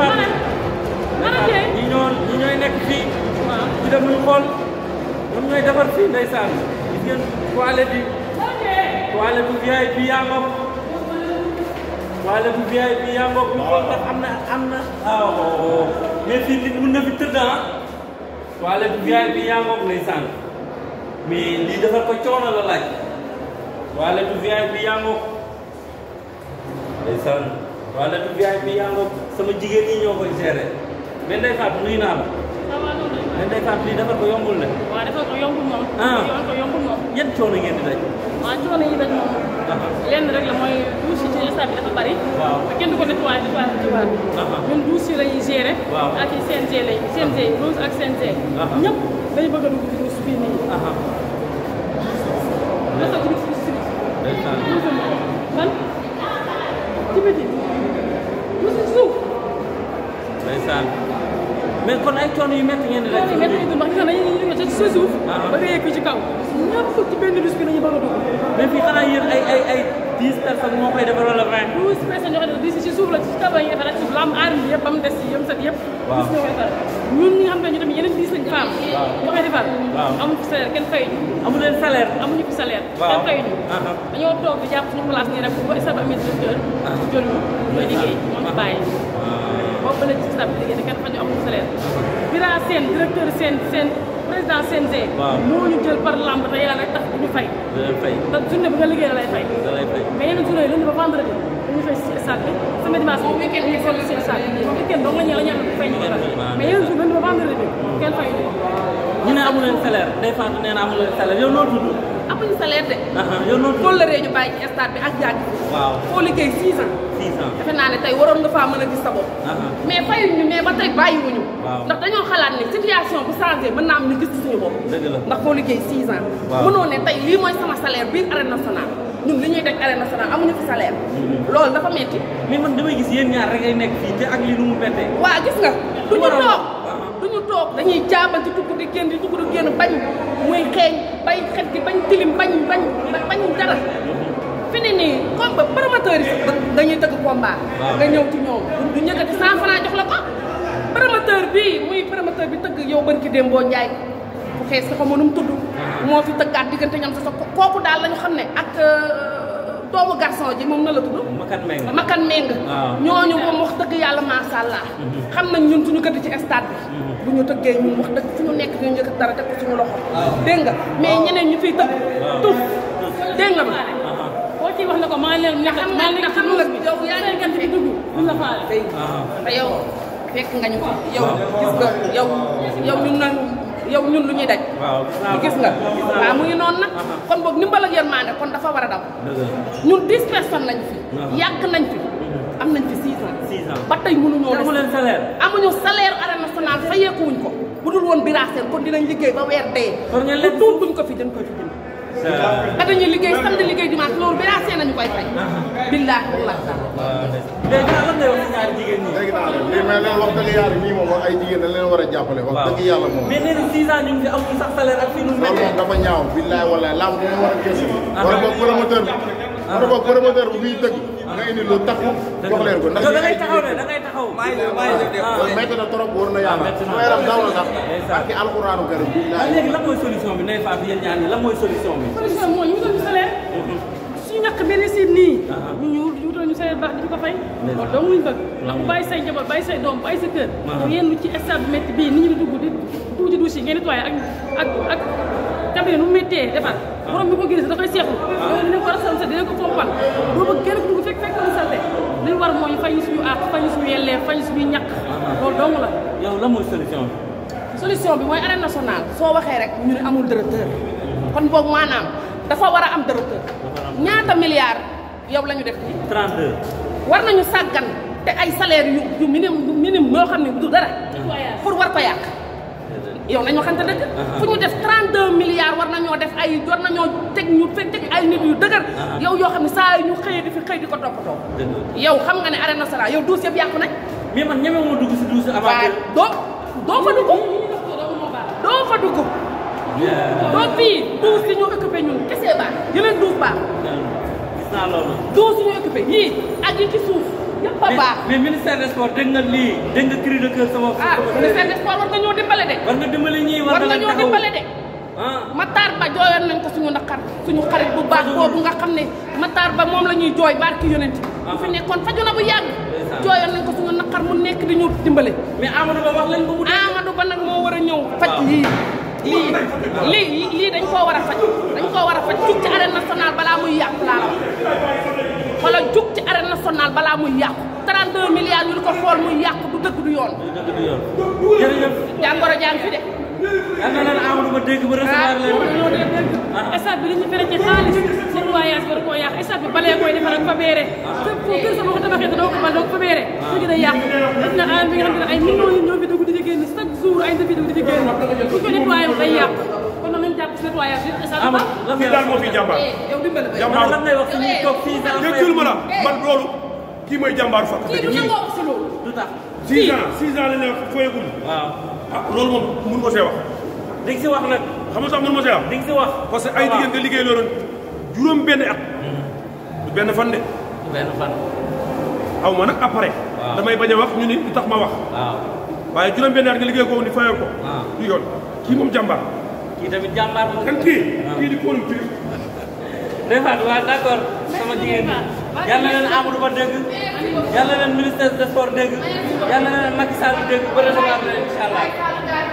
départ ñi ñoo ñi ñooy nekk fii di dem ñu xool ñoom ñooy defar fii ndeysaan gis ngeen toilette bi toilette bu VIP bi yaa ngoog toilette bu VIP bi yaa ngoog ñu xool ndax am na am na waaw ah, oh, oh, oh. mais fii nit mën na fi tëdd ah toilette bu VIP bi yaa ngoog ndeysaan mais lii defar ko coono la laaj toilette bu VIP bi yaa ngoog ndeysaan waa la du VIP yaa ngoog sama jigéen ñi ñoo koy géré mais Ndeye Fatou nuyu naa la. mais Ndeye Fatou lii defar ko yombul ne. waaw defar ko yombul moom. ah defar ko yombul moom. yan coono ngeen di daj. waaw coono yi daj moom. lenn rek la mooy douche yi ci instant bi dafa bari. waaw te kenn du ko nettoyé nettoyé ci waat. ñun douche yi lañuy géré. waaw ak CNG lay CNG douche ak CNG. ñëpp dañu bëgg a dugg ci douche fii nii. parce que douche bi si. man. ndeysaan mais kon ay coono yu métti ngeen di laaj. métti yi dund ndax gis nañu ñu sa suuf. ba nga yegg fii ci kaw. ñaar fukk ci benn bés bi nañu bëgg a dugg. mais fii xanaa yéen ay ay ay dix personnes moo koy defal wala vingt. douze personnes ñoo koy def dix ci suuf la ci tabax yi nga xam ne am aar bi yëpp ba mu des yëm sat yëpp. waaw gis ñoo koy defal ñun ñi nga xam ne ñu tamit yeneen dix lañ faam. waaw ñoo koy defal. waaw amuñu salaire kenn fay ñu. amu leen salaire. amuñu fi salaire. waaw kenn fay ñu. dañoo toog di jàpp suñu place nii rek bu ba sa ba amee sa kër. jël ñu mooy liggéey moom bàyyi bële ci stade bi liggéey te kenn fa ñu amul salaire Bira Sène directeur seen seen président a waaw moo ñu jël par lamb te yàlla rek tax ñu fay. danañ fay te journée bi nga liggéey da lay fay. da lay fay mais yeneen journée yi lundi ba vendredi dañuy fay si stade bi sama dimanche moom week-end ñu fay si stade bi moom week-end dong la ñu la ñu am fay ñu mais yeneen jour lundi ba vendredi kenn fay ñu ne amu leen day fàttali nee na amu leen salaire yow noo tudd. amuñu salaire de. Uh-huh. yow noo tudd kóllëre ñu bàyyi ci stade bi ak yàgg. waaw foo liggéey 6 ans. 6 ans defe nga faa mën a gis sa bopp. Uh-huh. mais fayuñu mais ba tey bàyyiwuñu. waaw ndax dañoo xalaat ne situation bu changé mën naa am ni gis suñu bopp. dëgg la ndax foo liggéey 6 ans. waaw mënoo ne tey lii mooy sama salaire biir arène nationale. ñun li ñuy daj arène nationale amuñu fi salaire. Mm-hmm. loolu dafa metti mais man damay gis yéen ñaar rek ay nekk fii te ak lii nu mu bettee. waaw duñu tok dañuy jaamal ci tukku di genn lah, di tukku di genn bañ muy xéñ bay xet gi bañ tilim bañ bañ bañ dara fini ni combat promoteur dañuy tëgg combat nga ñëw ci ñoom du ñëgëti 100 francs jox la ko promoteur bi muy promoteur bi tëgg yow bën ki dembo ñay ko xéss xamonum tuddu mo fi tëggaat digënté ñam sa kooku daal lañu xamné ak doomu garçon ji moom na la tudd. Makan Meng Makan Meng. ñooñu moom wax dëgg yàlla macha allah. xam nañ ñun suñu gëdd ci stade bi. bu ñu tëggee ñun wax dëgg fu ñu nekk ñu njëkk dara teg ko suñu loxo. dégg nga mais ñeneen ñu fi tëgg. tuf dégg nga ma. boo ciy wax ne ko maa ngi leen ñaxal maa ngi xam nga yow yaa ngi leen di dugg du la faale. te yow fekk nga ñu ko yow gis nga yow yow ñu naan. ñun lu ñuy daj. gis nga waaw mu ngi noonu nag. kon boog ndimbal ak yërmande kon dafa war a daw. ñun dix personnes lañ fi. yàgg nañ fi mhm. am nañ fi six ans. six ans ba tey mënuñoo des. amu leen salaire. amuñu salaire arène nationale fayeeku wuñ ko bu dul kon dinañ liggéey ba weer dee. kon ngeen tuut buñ ko fi dañ ko fi dindi. te dañuy liggéey samedi liggéey dimanche loolu biraaseen nañu koy fay. billaahi wallaahi jigéen ñi. léegi naa leen mais leen ay jigéen dañ leen war a jàppale. wax dëgg yàlla moom. mais nee na 6 ans ñu ngi fi amul sax salaire ak fi ñu méttee. loolu dafa ñaaw a gëstu. Ah. war bi. Ah. Ah. ko. ndax da ngay taxaw de da ngay taxaw. maa ngi lay maa na trop war na yàlla. su ma yaram daw na sax. ak alxuraanu karim bi. léegi lan mooy solution bi Ndeye Fatou yéen ñaar ñi lan mooy ñu salaire baax di ñu ko fay loolu dong luñu bëgg ci stade bii nit ñi di dugg di tuuti douche yi ngeen nettoyé ak ak ak cabinet nu méttee defar ah. borom mi ko gën da koy seexlu loolu ah. dinañ ko a sant dinañ ko pompal soo waxee rek ñu ne amul directeur kon boog maanaam dafa war a am directeur ñaata milliards yow lañu def nii. 32. war nañu sàggan te ay salaire yu yu minimum yu minimum yoo xam ne du dara. pour war ko yàq. yow nañu waxante dëgg. Uh-huh. fu ñu def 32 milliards war nañoo def ay war nañoo teg ñu teg ay nit yu dëgër. Uh-huh. yow yoo xam ne saa yu ñu xëyee di fi xëy di ko toppatoo. yow xam nga ne arène nationale yow douze yëpp yàqu nañ. mais man ñeme moo dugg si douze avant. doo doo fa dugg. doo fa dugg. doo fii douze si ñu occupé ñun kese baax yeneen douze baax. naa loolu. doo suñu yii ak yi ci suuf yëpp a baax. mais ministère des sports nga lii dégg nga cri de cœur sama. ah ministère des sports war nga ñoo dimbale de. war nga dimbale ñii war nga ñoo dimbale de. Ah. Matar Ba jooyoon nañ ko suñu naqar suñu xarit bu baax boobu nga xam ne Matar Ba moom lañuy jooy jooy barki yonent bu ah. fi nekkoon faju na bu yàgg jooyoon nañ ko suñu naqar mu nekk di ñu dimbale mais Amadou Ba wax lañ ko Amadou Ba nag moo war a ñëw faj lii ah. lii lii lii dañ war a faj koo war a faj jug ci arène nationale balaa muy yàqu la wax wala jug balaa muy yàqu 32 milliards ñu di ko xool muy yàqu du du yoon. yoon jërëjëf. jàngoro jàng fi de. am na leen Amadou ma dégg ba recevoir ah, leen. waaw état ah. bi li ñu fere ci xaalis sa doyaas war koo yàq état bi balee koy defar fa beere. Ah. ko tabaxee doo ko bal doo ko fa beere. waaw su na bi nga xam ne génn chaque jour ay individu di fi génn bu ko nettoyer ba yàq kon nag nañ jàpp si nettoyer bi ça va pas. fii daal moo fi jàmbaar. Eh, yow dimbale ba yow lan ngay wax si ñu toog fii sa affaire. yéen ma la eh. man loolu kii may jàmbaar fa. kii du nga nga wax si loolu. du tax. six ans six ans la ne wax fayagul. waaw ah loolu moom mun ko see wax. di nga si wax nag. xam nga sax mun ma see wax. di nga si wax. parce que ay diggante liggéey loolu juróom benn at. Hmm. du benn fan de. du benn fan. aw ma nag après. damay bañ a wax ñu ni tax ma wax. waaw waaye juróom benn at nga liggéey ko ni fayoo ko. Ah. du yoon kii moom jàmbaar. kii tamit jàmbaar moom. kii ah. kii di kóolu kii. Réfat waaw d'accord sama jigéen ñi yal na leen Amadou Ba dégg yal na leen ministre des sports dégg yal na leen Macky Sall dégg ba recevoir leen incha allah.